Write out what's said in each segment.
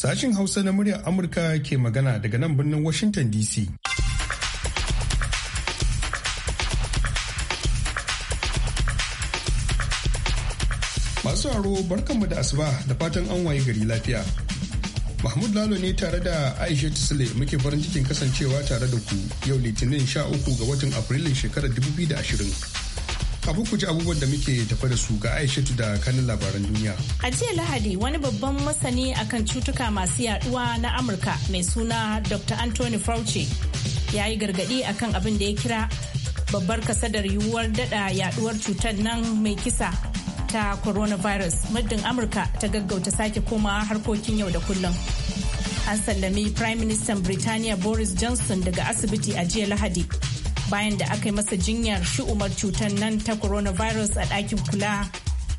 Sashin Hausa na muryar Amurka ke magana daga nan birnin Washington DC. Masu haro barkanmu da asuba da fatan an waye gari lafiya. Mahmud Lalo ne tare da Aisha Tisle muke farin cikin kasancewa tare da ku yau Litinin 13 ga watan Afrilun shekarar 2020. Kafin ku ji abubuwan da muke tafa da su ga Aishatu da kanin labaran duniya. A jiya Lahadi wani babban masani akan cutuka masu yaduwa na Amurka mai suna Dr. Anthony Fauci ya yi gargadi akan abin da ya kira babbar kasadar yiwuwar dada yaduwar cutar nan mai kisa ta coronavirus muddin Amurka ta gaggauta sake komawa harkokin yau da kullum. An sallami Prime Minister Birtaniya Boris Johnson daga asibiti a jiya Lahadi. bayan da aka yi masa jinyar shi umar cutar nan ta coronavirus a ɗakin kula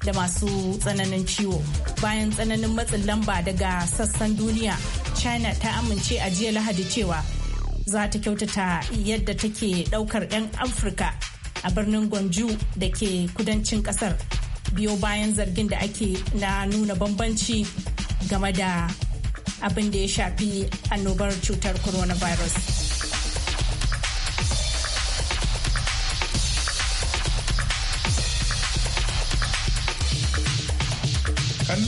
da masu tsananin ciwo bayan tsananin matsin lamba daga sassan duniya china ta amince a jiya lahadi cewa za ta kyautata yadda take ɗaukar 'yan afirka a birnin gwanju da ke kudancin ƙasar biyo bayan zargin da ake na nuna bambanci game da abin da ya shafi annobar cutar coronavirus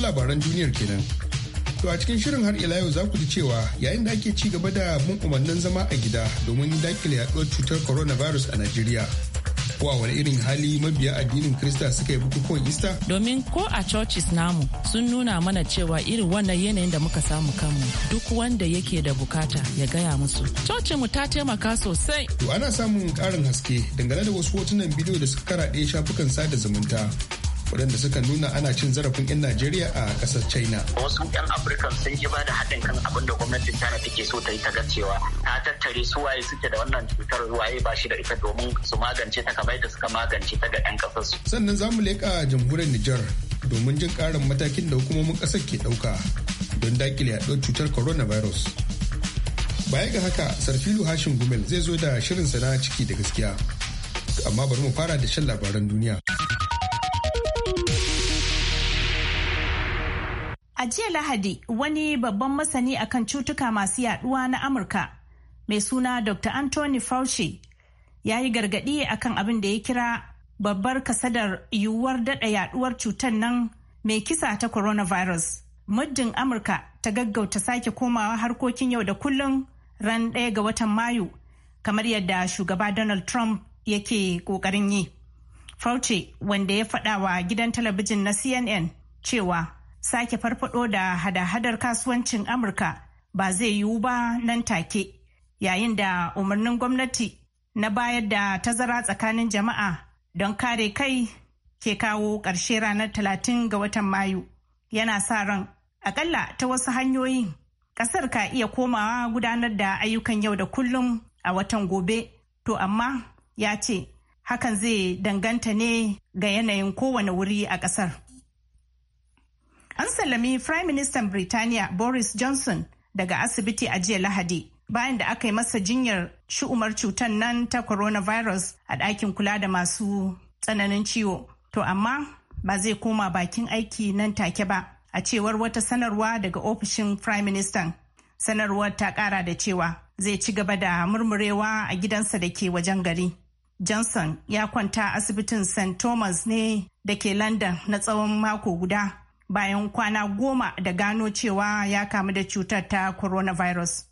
labaran duniyar kenan. To a cikin shirin har ila yau za ku ji cewa yayin da ake ci gaba da bin umarnin zama a gida domin dakile yaduwar cutar coronavirus a Najeriya. ko a wani irin hali mabiya addinin Krista suka yi bukukuwan Ista? Domin ko a churches namu sun nuna mana cewa irin wannan yanayin da muka samu kanmu duk wanda yake da bukata ya gaya musu. Cocin mu ta taimaka sosai. To ana samun karin haske dangane da wasu hotunan bidiyo da suka karaɗe shafukan sada zumunta waɗanda suka nuna ana cin zarafin 'yan Najeriya a ƙasar China. Wasu 'yan Afirka sun ba da haɗin kan abin da gwamnatin China take so ta yi ta ga cewa ta tattare su waye suke da wannan cutar waye ba shi da ita domin su magance ta kamar da suka magance ta ga 'yan ƙasar Sannan za mu leƙa jamhuriyar Nijar domin jin ƙarin matakin da hukumomin ƙasar ke ɗauka don daƙile yaɗuwar cutar coronavirus. Baya ga haka, Sarfilu Hashim Gumel zai zo da shirin sana ciki da gaskiya. Amma bari mu fara da shan labaran duniya. A jiya Lahadi wani babban masani akan cutuka masu yaduwa na Amurka mai suna Dr. Anthony Fauci ya yi gargaɗi akan abin da ya kira babbar kasadar yiwuwar daɗa yaduwar cutar nan mai kisa ta coronavirus. Muddin Amurka ta gaggauta sake komawa harkokin yau da kullum ran ɗaya ga watan Mayu kamar yadda shugaba Donald Trump yake ƙoƙarin yi. Fauci wanda ya faɗa gidan talabijin na CNN cewa sake farfado da hada-hadar kasuwancin amurka ba zai yiwu ba nan take yayin da umarnin gwamnati na bayar da tazara tsakanin jama'a don kare kai ke kawo ƙarshe ranar 30 ga watan mayu yana sa ran akalla ta wasu hanyoyin ƙasar ka iya komawa gudanar da ayyukan yau da kullum a watan gobe to amma ya ce hakan zai danganta ne ga yanayin kowane wuri a ƙasar. An sallami Prime Minister Birtaniya Boris Johnson daga asibiti a jiya Lahadi bayan da aka yi masa jinyar shu'umar cutar nan ta coronavirus a ɗakin kula da masu tsananin ciwo. To amma ba zai koma bakin aiki nan take ba a cewar wata sanarwa daga ofishin Prime Minister. Sanarwar ta ƙara da cewa zai ci gaba da murmurewa a gidansa da ke wajen gari. Johnson ya kwanta asibitin St. Thomas ne da ke London na tsawon mako guda bayan kwana goma da gano cewa ya kamu da cutar ta coronavirus.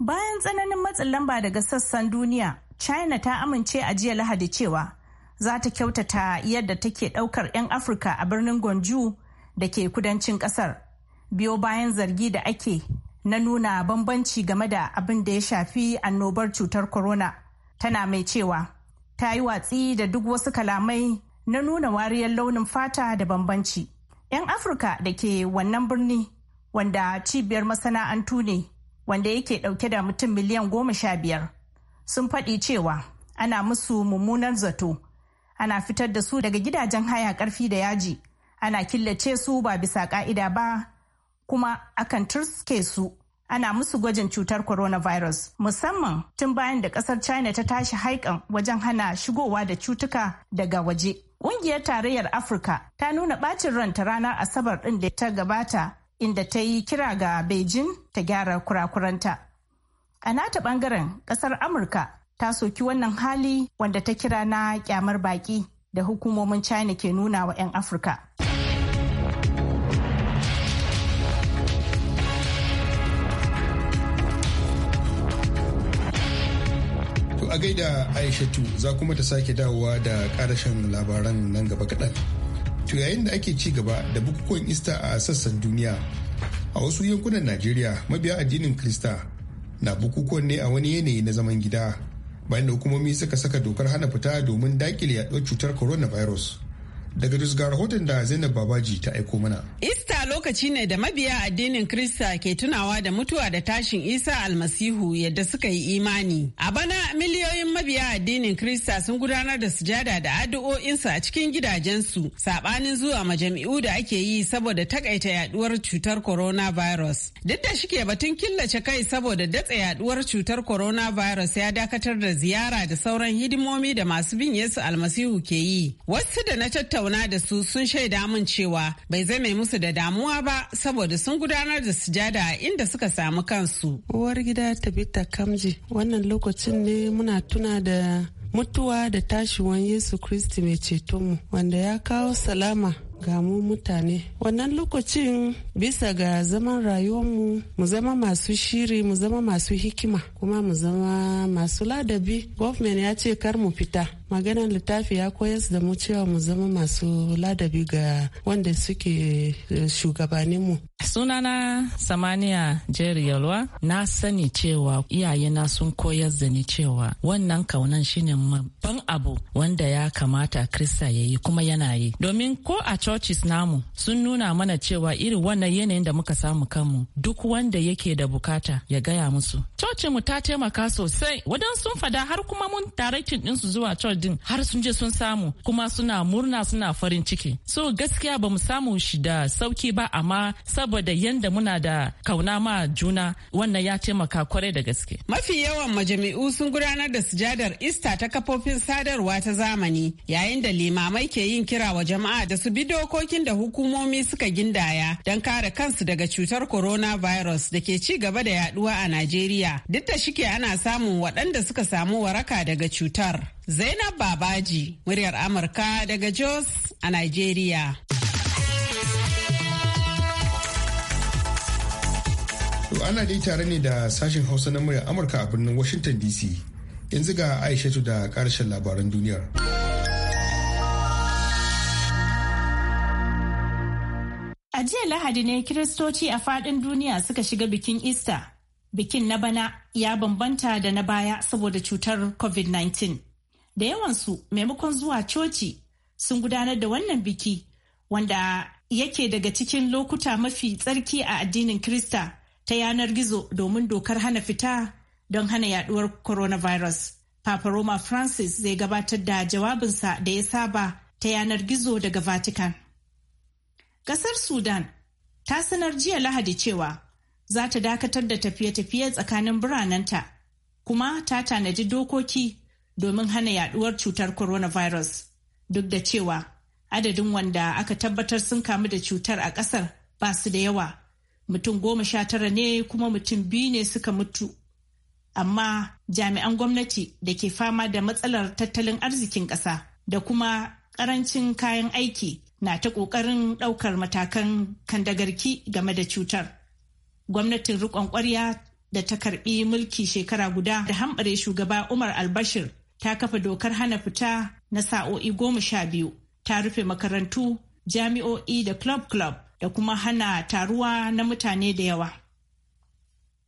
Bayan tsananin matsin lamba daga sassan duniya, China ta amince a jiya Lahadi cewa za ta kyautata yadda take ɗaukar 'yan Afirka a birnin Gonju da ke kudancin ƙasar, Biyo bayan zargi da ake na nuna bambanci game da abin da ya shafi annobar cutar corona tana mai cewa ta yi watsi da duk wasu kalamai na nuna wariyar launin fata da bambanci. 'Yan Afirka da ke wannan birni wanda cibiyar masana'antu ne wanda yake ɗauke da mutum miliyan goma sha biyar sun faɗi cewa ana musu mummunan zato ana fitar da su daga gidajen haya ƙarfi da yaji ana killace su ba bisa ƙa'ida ba kuma akan turske su ana musu gwajin cutar coronavirus musamman tun bayan da kasar china ta tashi haikan wajen hana shigowa da cutuka daga waje ƙungiyar tarayyar afirka ta nuna bacin ranta ranar asabar ɗin da ta gabata inda ta yi kira ga beijing ta gyara kurakuranta a nata bangaren kasar amurka ta soki wannan hali wanda ta kira na kyamar baki da hukumomin china ke nuna wa 'yan afirka. a gaida aishatu za kuma ta sake dawowa da karashen labaran nan gaba kaɗan to yayin da ake ci gaba da bukukuwan ista a sassan duniya a wasu yankunan najeriya mabiya addinin krista na bukukuwan ne a wani yanayi na zaman gida bayan da hukumomi suka saka dokar hana fita domin dakile yaɗuwar cutar coronavirus Daga ga rahoton da Zainab Babaji ta aiko mana. Ista lokaci ne da mabiya addinin Krista ke tunawa da mutuwa da tashin Isa almasihu yadda suka yi imani. A bana miliyoyin mabiya addinin Krista sun gudanar da sujada da addu'o'insu a cikin gidajensu sabanin zuwa majami'u da ake yi saboda takaita yaduwar cutar coronavirus. Duk da shike batun killace kai saboda datse yaduwar cutar coronavirus ya dakatar da ziyara da sauran hidimomi da masu bin Yesu almasihu ke yi. Wasu da na tattauna tattauna da su sun shaida mun cewa bai zame musu da damuwa ba saboda sun gudanar da sujada a inda suka samu kansu. Uwar gida Tabita Kamji wannan lokacin ne muna tuna da mutuwa da tashiwan Yesu Kristi mai cetonmu wanda ya kawo salama ga mu mutane wannan lokacin bisa ga zaman rayuwarmu mu zama masu shiri mu zama masu hikima kuma mu zama masu ladabi gwamnati ya ce kar mu fita maganar littafi ya koyar da mu cewa mu zama masu ladabi ga wanda suke eh, shugabaninmu. sunana samaniya jerry yalwa na sani cewa iyayena sun koyar da ni cewa wannan kaunan shine babban abu wanda ya kamata krista ya yi kuma yana yi domin ko a churches namu sun nuna mana cewa irin wannan yanayin da muka samu kanmu duk wanda yake da bukata ya gaya musu mu ta taimaka sosai wadansu sun fada har kuma mun direction ɗinsu zuwa church din har sun je sun samu kuma suna murna suna farin ciki so gaskiya bamu samu shi da sauki ba amma saboda yanda muna da kauna ma juna wannan ya taimaka kwarai da gaske mafi yawan majami'u sun gudanar da sujadar ista ta kafofin sadarwa ta zamani yayin da limamai ke yin kira wa jama'a da su bi dokokin da hukumomi suka gindaya don kare kansu daga cutar coronavirus da ke ci gaba da yaduwa a najeriya duk da shike ana samun waɗanda suka samu waraka daga cutar Zainab Babaji, muryar Amurka daga Jos a Nigeria. To ana dai tare ne da sashen Hausa na muryar Amurka a birnin Washington DC. Yanzu ga Aishatu da karshen labaran duniyar. A jiya Lahadi ne Kiristoci a faɗin duniya suka shiga bikin Easter. Bikin na bana ya bambanta da na baya saboda cutar COVID-19. da yawansu maimakon zuwa coci sun gudanar da wannan biki wanda yake daga cikin lokuta mafi tsarki a addinin Krista ta yanar gizo domin dokar hana fita don hana yaduwar coronavirus. Papa Roma Francis zai gabatar da jawabinsa da ya saba ta yanar gizo daga Vatican. Kasar Sudan ta sanar jiya Lahadi cewa za ta dakatar da tafiye-tafiye tsakanin biranenta kuma ta tanadi dokoki domin hana yaduwar cutar coronavirus duk da cewa adadin wanda aka tabbatar sun kamu da cutar a kasar ba su da yawa mutum goma sha tara ne kuma mutum biyu ne suka mutu amma jami'an gwamnati da ke fama da matsalar tattalin arzikin ƙasa da kuma ƙarancin kayan aiki na ta ƙoƙarin ɗaukar matakan kandagarki game da cutar gwamnatin riƙon ƙwarya da ta karɓi mulki shekara guda da hamɓare shugaba umar albashir ta kafa dokar hana fita na sa'o'i goma sha biyu ta rufe makarantu jami'o'i da club club da kuma hana taruwa na mutane da yawa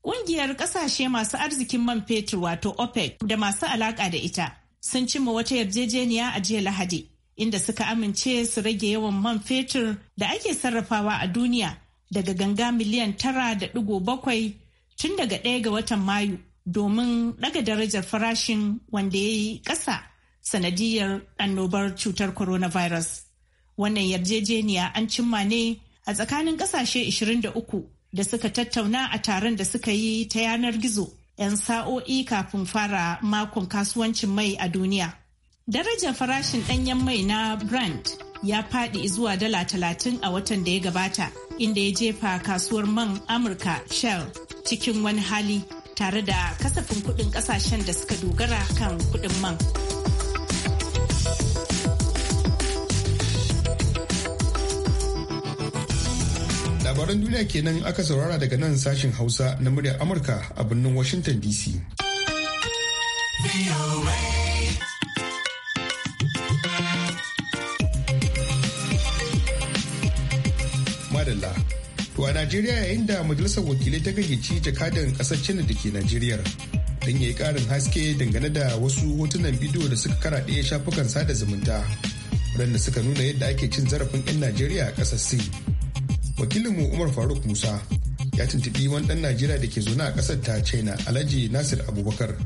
Ƙungiyar ƙasashe masu arzikin man fetur wato OPEC da masu alaƙa da ita sun cimma wata yarjejeniya a jiya Lahadi inda suka amince su rage yawan man fetur da ake sarrafawa a duniya daga ganga miliyan tara da ɗigo bakwai tun daga ɗaya ga watan Mayu domin daga darajar farashin wanda ya yi ƙasa sanadiyar annobar cutar coronavirus. Wannan yarjejeniya an cimma ne a tsakanin ƙasashe 23 da suka tattauna a taron da suka yi ta yanar gizo 'yan sa'o'i kafin fara makon kasuwancin mai a duniya. Darajar farashin ɗanyen mai na brand ya faɗi zuwa dala talatin a watan da ya gabata, inda ya jefa kasuwar man Amurka Shell cikin wani hali tare da kasafin kudin kasashen da suka dogara kan kudin man. Labaran duniya kenan aka saurara daga nan sashen Hausa na muryar Amurka a birnin Washington DC. najeriya yayin da majalisar wakilai ta gayyaci jakadan kasar china da ke najeriya don ya yi karin haske dangane da wasu hotunan bidiyo da suka karaɗe shafukan sada zumunta waɗanda suka nuna yadda ake cin zarafin 'yan najeriya a ƙasar sin wakilinmu umar faruk musa ya tuntubi wani ɗan najeriya da ke zaune a ƙasar ta china alhaji nasir abubakar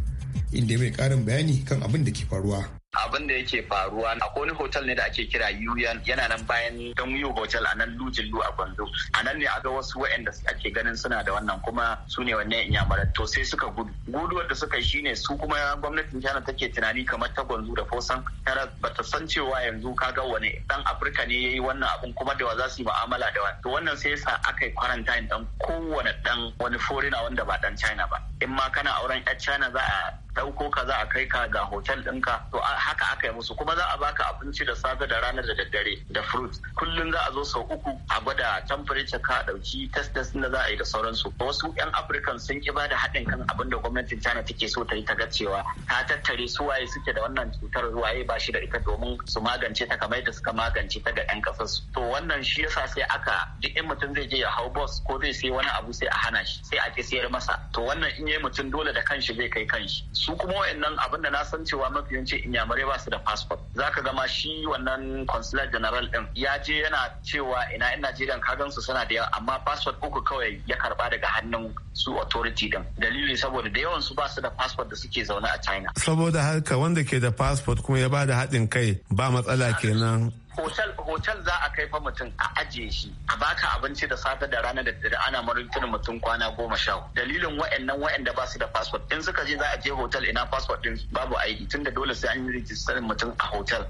inda ya mai ƙarin bayani kan abin da ke faruwa abin da yake faruwa a wani hotel ne da ake kira yuyan yana nan bayan don yu hotel a nan lujillu a gwanzo a nan ne a ga wasu waɗanda ake ganin suna da wannan kuma su ne wannan yamara to sai suka gudu guduwar da suka yi ne su kuma gwamnatin china take tunani kamar ta gwanzo da fosan tara ta san cewa yanzu ka ga wani dan afirka ne yayi wannan abin kuma da wa za su yi mu'amala da wani to wannan sai yasa aka yi quarantine dan kowane dan wani forina wanda ba dan china ba in ma kana auren yar china za a ɗauko ka za a kai ka ga hotel ɗinka to haka aka yi musu kuma za a baka abinci da safe da ranar da daddare da fruit kullum za a zo sau uku a gwada temperature ka ɗauki test test da za a yi da sauransu wasu 'yan afirkan sun ki da haɗin kan abin da gwamnatin china take so ta yi ta ga cewa ta tattare su waye suke da wannan cutar waye ba shi da ita domin su magance ta kamar da suka magance ta ga 'yan ƙasar su to wannan shi yasa sai aka duk in mutum zai je ya hau bus ko zai sai wani abu sai a hana shi sai a ke sayar masa to wannan in yi mutum dole da kanshi zai kai kanshi su kuma wayannan abin da na san cewa mafi yawanci inyamurai ba su da passport za ka gama shi wannan consular general din ya je yana cewa ina yan Najeriya ka su suna da yawa amma passport uku kawai ya karba daga hannun su authority din dalili saboda da yawan su ba su da passport da suke zaune a China saboda haka wanda ke da passport kuma ya ba da haɗin kai ba matsala kenan hotel hotel za a kai fa mutum a ajiye shi a baka abinci da safe da rana da dare ana marinkin mutum kwana goma sha dalilin wa'annan wa'anda ba su da passport in suka je za a je hotel ina passport din babu tun tunda dole sai an yi rijistar mutum a hotel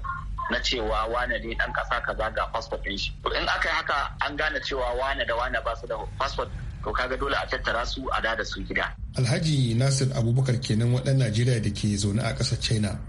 na cewa wane ne dan kasa kaza ga passport din shi in aka yi haka an gane cewa wane da wane ba su da passport to kaga dole a tattara su a da su gida alhaji nasir abubakar kenan waɗannan najeriya da ke zaune a ƙasar china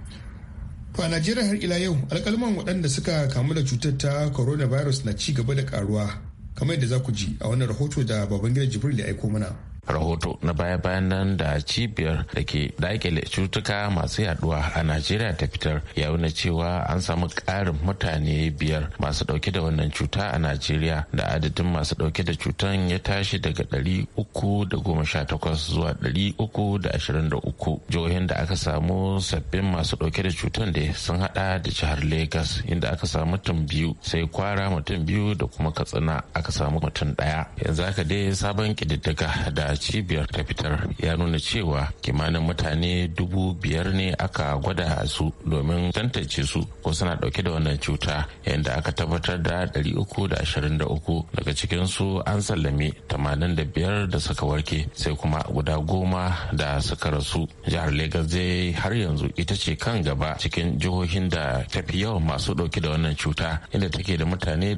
a Najeriya har ila yau alkalman waɗanda suka kamu da cutar ta coronavirus na ci gaba da karuwa kamar yadda za ku ji a wannan rahoto da Babangida Jibril ya aiko mana. rahoto na baya-bayan nan da cibiyar da ke dakile cutuka masu yaduwa a najeriya ta fitar ya nuna cewa an samu ƙarin mutane biyar masu dauke da wannan cuta a najeriya da adadin masu dauke da cutan ya tashi daga 318 zuwa 323 jihohin da aka samu sabbin masu dauke da cutan da sun hada da jihar lagos inda aka samu mutum biyu sai kwara mutum biyu da kuma katsina aka samu mutum daya yanzu haka dai sabon kididdiga da cibiyar ta fitar ya nuna cewa kimanin mutane dubu biyar ne aka gwada su domin tantance su ko suna dauke da wannan cuta yadda aka tabbatar da 323 daga su an sallame 85 da suka warke sai kuma guda goma da suka rasu jihar Legas zai har yanzu ita ce kan gaba cikin jihohin da ta fi yawan masu dauke da wannan cuta inda take da mutane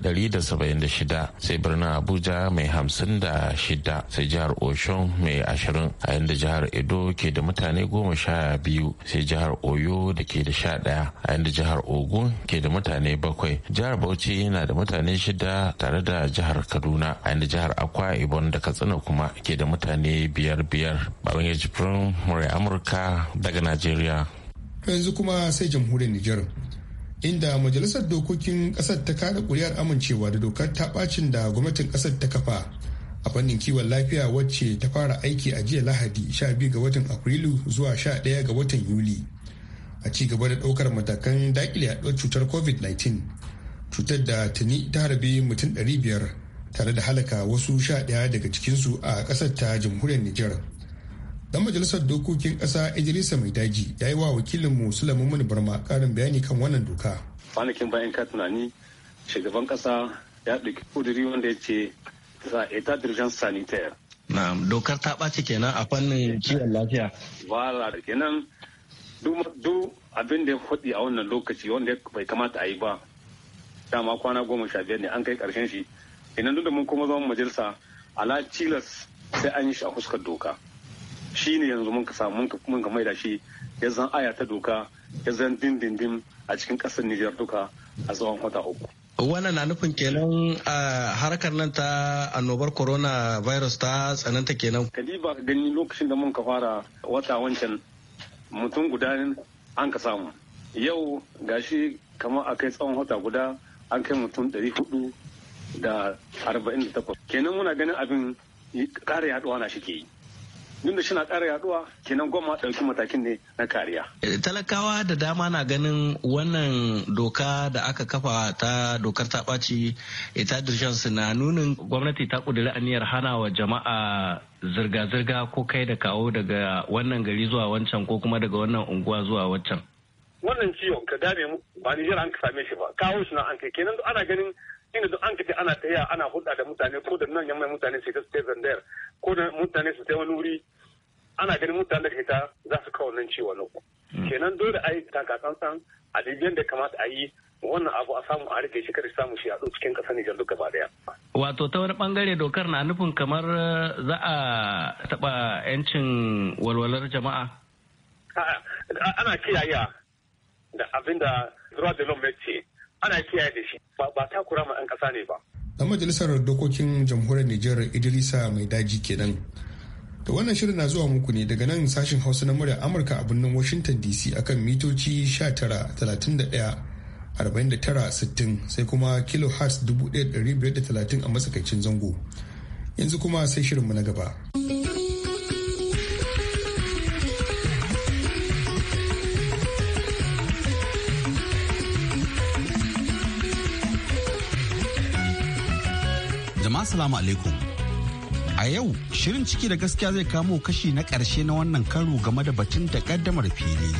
shida sai birnin Abuja mai shida sai jihar Osh karshen mai ashirin a yadda jihar edo ke da mutane goma sha biyu sai jihar oyo da ke da sha ɗaya a yadda jihar ogun ke da mutane bakwai jihar bauchi yana da mutane shida tare da jihar kaduna a yadda jihar akwa ibon da katsina kuma ke da mutane biyar biyar babban ya jifirin murai amurka daga najeriya yanzu kuma sai jamhuriyar nijar inda majalisar dokokin kasar ta kada kuri'ar amincewa da dokar ta bacin da gwamnatin kasar ta kafa a fannin kiwon lafiya wacce ta fara aiki a jiya lahadi 12 ga watan afrilu zuwa 11 ga watan yuli a ci gaba da ɗaukar matakan dakile yaduwar cutar covid-19 cutar da tuni ta harbi mutum 500 tare da halaka wasu 11 daga cikinsu a ƙasar ta jamhuriyar nijar dan majalisar dokokin ƙasa idrisa mai daji ya yi wa wakilin mu sulaiman barma karin bayani kan wannan doka kwanakin bayan ka tunani shugaban ƙasa ya ɗauki kuduri wanda ya ce état d'urgence sanitaire. Na'am, dokar ta ɓaci kenan a fannin kiwon lafiya. Wala kenan duk abin da ya faɗi a wannan lokaci wanda bai kamata a yi ba. Dama kwana goma sha biyar ne an kai karshen shi. Kenan duk da mun kuma zama majalisa ala tilas sai an yi shi a fuskar doka. Shi ne yanzu mun ka samu mun ka maida shi ya zan aya ta doka ya zan dindindin a cikin ƙasar Nijar duka a tsawon wata uku. wannan na nufin kenan a harkar nan ta annobar corona virus ta tsananta kenan kadiba gani lokacin da mun ka fara wata wancan mutum guda an ka samu yau gashi kamar a kai tsawon wata guda an kai mutum 448 kenan muna ganin abin ƙara yaduwa na shi ke yi yin da na ƙara yaduwa kenan goma ɗauki matakin ne na kariya. Eh, talakawa da dama na ganin wannan doka da aka kafa ta dokar ta ɓaci ita eh, su na nunin gwamnati ta ƙudiri aniyar hana wa jama'a zirga-zirga ko kai da kawo daga wannan gari zuwa wancan ko kuma daga wannan unguwa zuwa wancan. Wannan ciwon ka dame mu ba Nijar an ka same shi ba kawo shi na an kai kenan ana ganin inda duk an kace ana taya ana hulɗa da mutane ko da nan yamma mutane su ta zandar ko da mutane su ta wani wuri ana ganin mutane da ta za su kawo nan na ku hmm. kenan dole a yi san a dibiyan da kamata a yi wannan abu a samu a rike shi kada samu shi a cikin kasar Nijar duk gaba daya. Wato ta wani bangare dokar na nufin kamar uh, za a taba yancin walwalar jama'a? Ana kiyaye da abinda Zuwa da Lombe ce ana kiyaye da shi ba takura ma 'yan ƙasa ne ba. Dan majalisar dokokin jamhuriyar Nijar Idrisa mai daji kenan. Da wannan shirin na zuwa muku ne daga nan sashen Hausa na murya Amurka a birnin Washington DC akan mitoci 19,31,49,60 sai kuma kilohertz 1530 a matsakaicin zango. Yanzu kuma sai shirinmu na gaba. Assalamu alaikum. A yau shirin ciki da gaskiya zai kamo kashi na ƙarshe na wannan karo game da batun ƙaddamar fili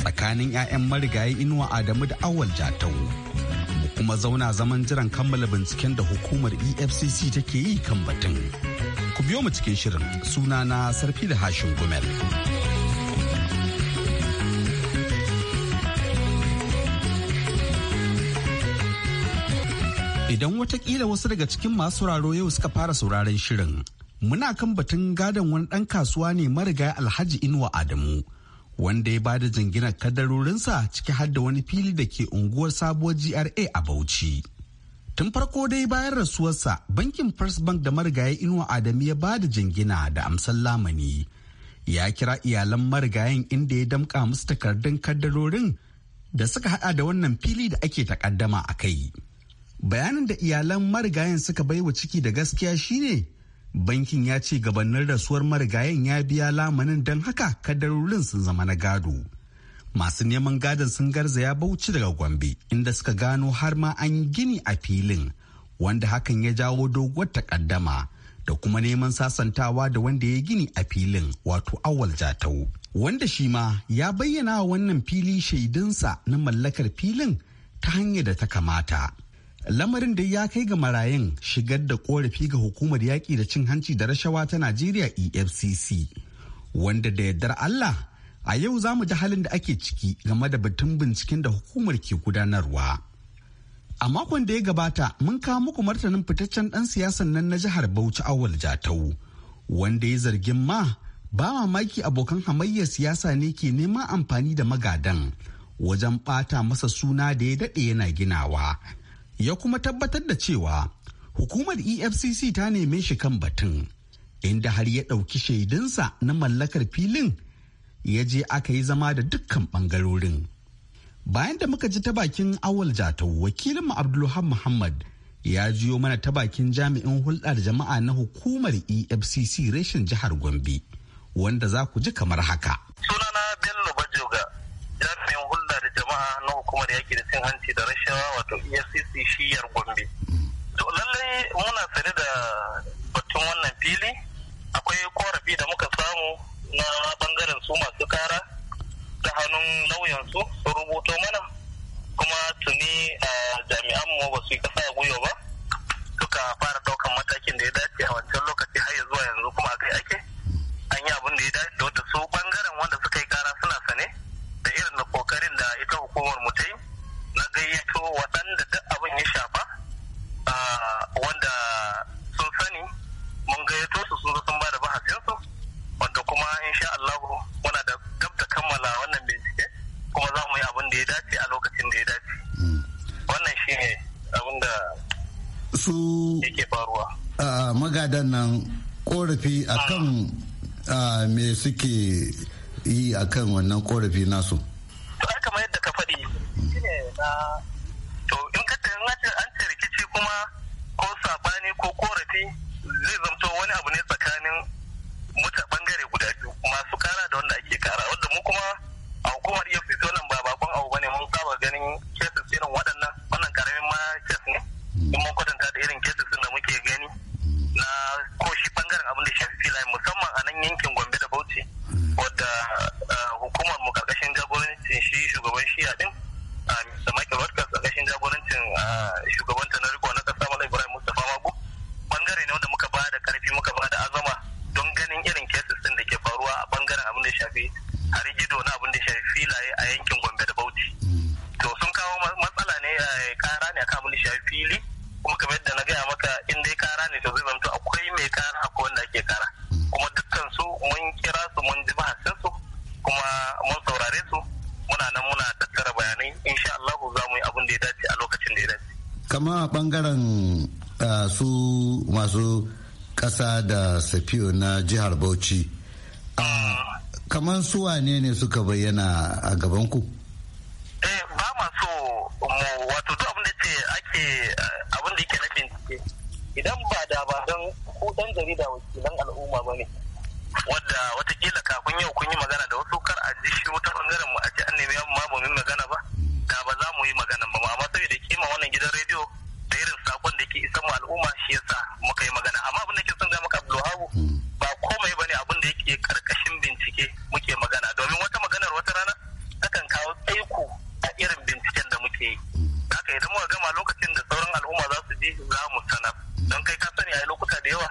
tsakanin 'ya'yan marigayi inuwa Adamu da awal jatau. Mu kuma zauna zaman jiran kammala binciken da hukumar EFCC take yi kan batun. Ku biyo mu cikin shirin sunana Sarfi da Hashin Gumel. Idan watakila wasu daga cikin masu sauraro yau suka fara sauraron shirin, muna kan batun gadon wani ɗan kasuwa ne mariga Alhaji Inuwa Adamu, wanda ya bada jinginar kadarorinsa ciki har da wani fili da ke unguwar sabuwar GRA a Bauchi. Tun farko dai bayan rasuwarsa, bankin First Bank da marigayi Inuwa Adamu ya bada jingina da amsan lamani. Ya kira iyalan marigayin inda ya damƙa musu takardun kadarorin da suka haɗa da wannan fili da ake takaddama a kai. bayanin da iyalan marigayen suka bai wa ciki da gaskiya shine bankin ya ce gabanin rasuwar marigayen ya biya lamanin don haka kadarorin sun zama na gado masu neman gadon sun garza ya bauchi daga gombe inda suka gano har ma an gini a filin wanda hakan ya jawo doguwar takaddama da kuma neman sasantawa da wanda ya gini a filin wato awal jatau wanda shi ma ya bayyana wannan fili shaidunsa na mallakar filin ta hanyar da ta kamata lamarin da ya kai ga marayun shigar da korafi ga hukumar yaƙi da cin hanci da rashawa ta najeriya efcc wanda da yardar allah a yau za mu ji halin da ake ciki game da batun binciken da hukumar ke gudanarwa a makon da ya gabata mun kawo muku martanin fitaccen ɗan siyasan nan na jihar bauchi awal jatau wanda ya zargin ma ba mamaki abokan hamayya siyasa ne ke neman amfani da magadan wajen ɓata masa suna da ya daɗe yana ginawa ya kuma tabbatar da cewa hukumar efcc ta neme shi kan batun inda har ya ɗauki shaidunsa na mallakar filin ya je aka yi zama da dukkan ɓangarorin bayan da muka ji ta bakin awal jatau wakilinmu abdulham muhammad ya jiyo mana ta bakin jami'in hulɗar jama'a na hukumar efcc reshen jihar gombe wanda za ku ji kamar haka sunana bello bajoga jami'in hulɗar kamar yake da cin hanci da rashawa wato efcc shiyar gombe to lallai muna sane da batun wannan fili akwai korafi da muka samu na bangaren su masu kara da hannun lauyansu suke yi akan wannan korafi nasu ƙasa da safiyo na jihar bauchi a kamar su wane ne suka bayyana a gaban ku eh ba ma so um, wato duk abin da ce ake eh, abin da yake na bincike idan ba da ba don ku dan jarida wakilan al'umma ba ne wadda watakila kafin yau kun yi magana da wasu kar a ji shi wata bangaren mu a ce an nemi ma ba mu magana ba da ba za mu yi magana ba amma saboda kima wannan gidan rediyo irin sakon da ke isa mu al'umma shi yasa muka yi magana amma abin da ke son ga maka Abdulhabu hmm. ba komai bane abin da yake karkashin bincike muke magana domin wata maganar wata rana takan kawo tsaiko a irin binciken da muke yi hmm. haka idan muka gama lokacin da sauran al'umma za su ji za mu sanar hmm. don kai ka sani a lokuta da yawa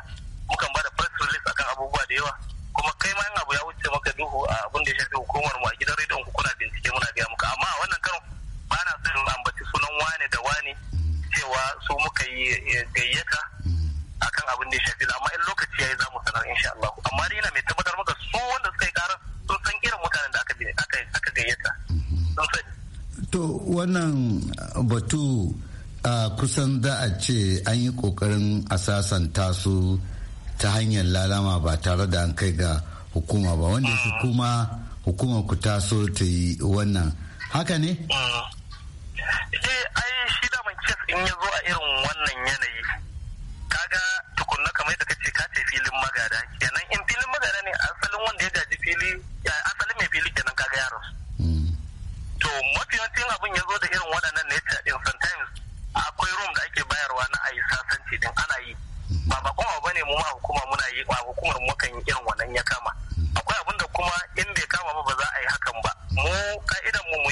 mukan ba da press release akan abubuwa da yawa kuma kai ma abu ya wuce maka duhu a abin da ya shafi hukumar mu a gidan rediyon cewa su muka yi eh, gayyata akan abin da ya shafi amma in lokaci ya yi zamu sanar insha Allah amma dai ina mai tabbatar maka su wanda suka yi karar sun san irin mutanen da aka gayyata to wannan batu a kusan za a ce an yi kokarin a sasanta su ta hanyar lalama ba tare da an kai ga hukuma ba wanda su mm. kuma hukumar ku taso ta yi wannan haka ne? Mm. Eh, in ya zo a irin wannan yanayi kaga tukunna kamar yadda kace ka ce filin magada kenan in filin magada ne asalin wanda ya gaji fili asalin mai fili kenan kaga yaro to mafi abin ya zo da irin waɗannan ne in sometimes akwai room da ake bayarwa na a yi sasanci din ana yi ba ba kuma bane mu ma hukuma muna yi ba hukumar mu kan yi irin wannan ya kama akwai abin da kuma in bai kama ba ba za a yi hakan ba mu ka'idan mu mu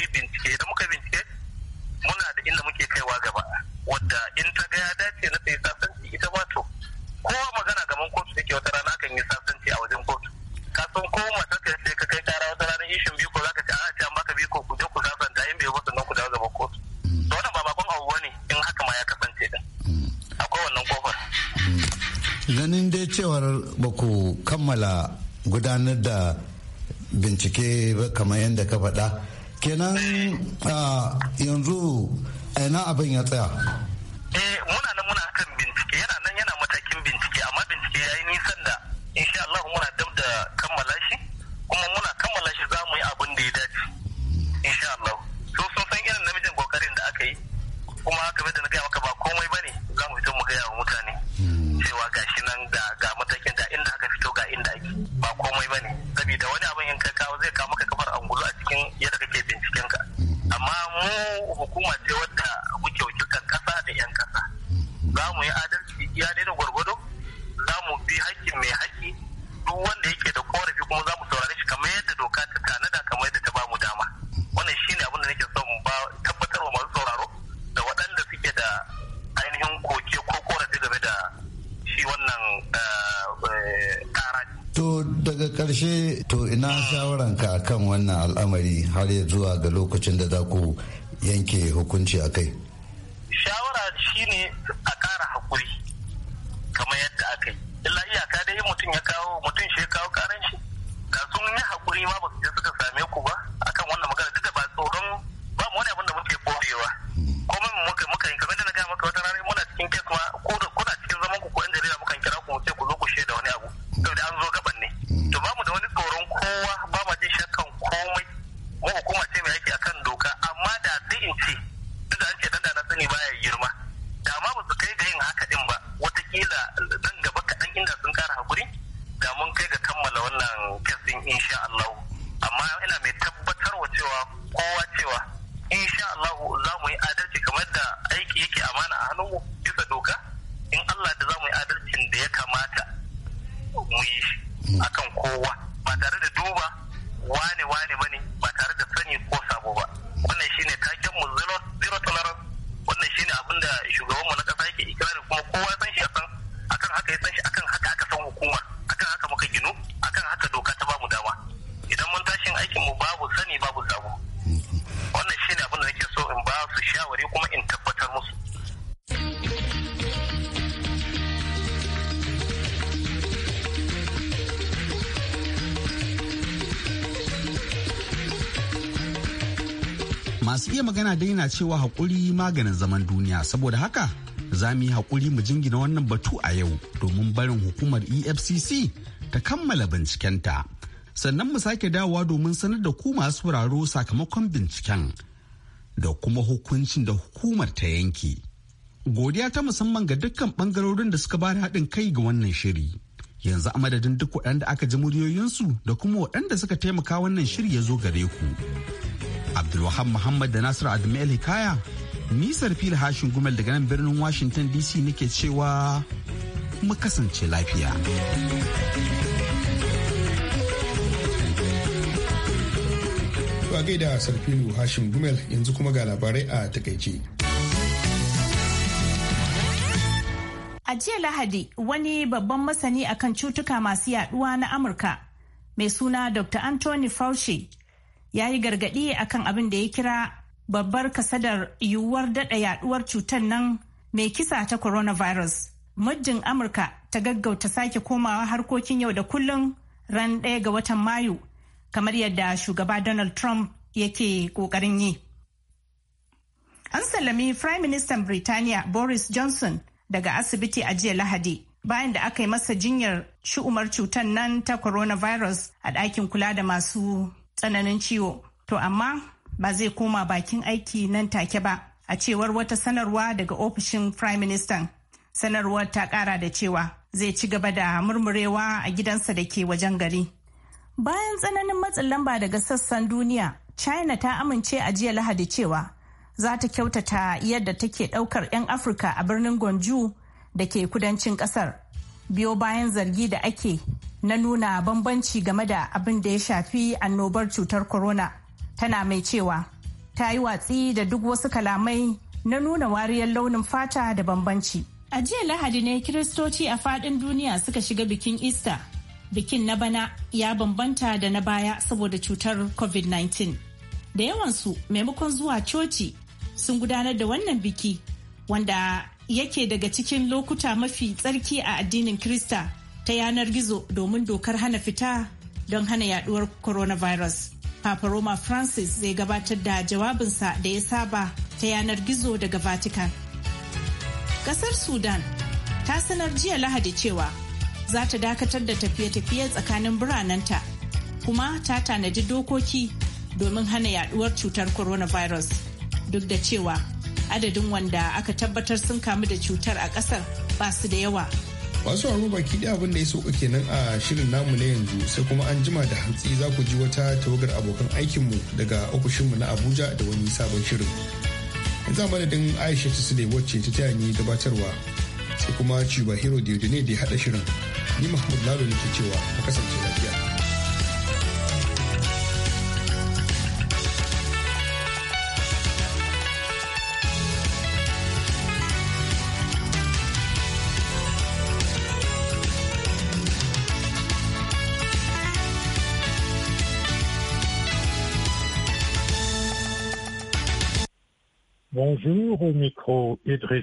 da in ta ga ya dace na sai sasanci ita ma to kowa magana gaban kotu take wata rana kan yi sasanci a wajen kotu ka san ko ma ta kai ka kai kara wata rana ishin biyu ko zaka ci a ce amma ka biyu ko ku je ku sasanta in bai wasu nan ku dawo gaban kotu to mm. wannan ba babban abu bane in haka ma ya kasance da mm. akwai wannan kofar mm. ganin dai cewar ba ku kammala gudanar da bincike ba kamar yadda ka faɗa kenan eh. ah, yanzu ina abin ya tsaya Da wani abin in ka kawo zai kama. masu iya magana dai na cewa haƙuri maganin zaman duniya saboda haka za mu yi haƙuri mu jingina wannan batu a yau domin barin hukumar efcc ta kammala bincikenta sannan mu sake dawowa domin sanar da ku masu wuraro sakamakon binciken da kuma hukuncin da hukumar ta yanke godiya ta musamman ga dukkan bangarorin da suka bada haɗin kai ga wannan shiri yanzu a madadin duk waɗanda aka ji muryoyinsu da kuma waɗanda suka taimaka wannan shiri ya zo gare ku Abdulwahab Muhammad da Nasiru Adamu Hikaya ni fili hashin gumel daga nan birnin Washington DC nake cewa mu kasance lafiya. Ba gaida sarfilu hashin Gumel yanzu kuma ga labarai a takaice. A jiya Lahadi wani babban masani akan cutuka masu yaduwa na Amurka mai suna Dr. Anthony Fauci ya yi gargaɗi akan abin da ya kira babbar kasadar yiwuwar daɗa yaɗuwar cutar nan mai kisa ta coronavirus. Muddin Amurka ta gaggauta sake komawa harkokin yau da kullum ran ɗaya ga watan Mayu, kamar yadda shugaba Donald Trump yake ƙoƙarin yi. An sallami Prime Minister Birtaniya Boris Johnson daga asibiti a jiya Lahadi bayan da aka yi masa jinyar shi'umar cutar nan ta coronavirus a ɗakin kula da masu tsananin ciwo to amma ba zai koma bakin aiki nan take ba a cewar wata sanarwa daga ofishin prime minister sanarwar ta kara da cewa zai ci gaba da murmurewa a gidansa da ke wajen gari bayan tsananin matsin lamba daga sassan duniya china ta amince a jiya lahadi cewa za ta kyautata yadda take daukar 'yan afirka a birnin gonju da ke kudancin kasar biyo bayan zargi da ake na nuna bambanci game da abin da ya shafi annobar cutar corona tana mai cewa ta yi watsi da duk wasu kalamai na nuna wariyar launin fata da bambanci. A jiya Lahadi ne Kiristoci a fadin duniya suka shiga bikin Easter. Bikin na bana ya bambanta da na baya saboda cutar COVID-19. Da yawansu maimakon zuwa coci sun gudanar da wannan biki wanda yake daga cikin lokuta mafi tsarki a addinin Krista. ta yanar gizo domin dokar hana fita don hana yaduwar coronavirus. Papa Roma Francis zai gabatar da jawabinsa da ya saba ta yanar gizo daga Vatican. Kasar Sudan ta sanar jiya Lahadi cewa za ta dakatar da tafiye-tafiye tsakanin biranenta kuma ta tanadi dokoki domin hana yaduwar cutar coronavirus duk da cewa adadin wanda aka tabbatar sun kamu da cutar a kasar ba su da yawa masu haro baki da abin da ya sauka kenan a shirin namu na yanzu sai kuma an jima da hantsi za ku ji wata tawagar abokan aikinmu daga ofishinmu na abuja da wani sabon shirin yanzu a madadin aisha ta sule wacce ta taya ni gabatarwa sai kuma ciba hero ne da ya haɗa shirin ni mahmud lalo ne ke cewa a kasance lafiya Bonjour, au micro Idriss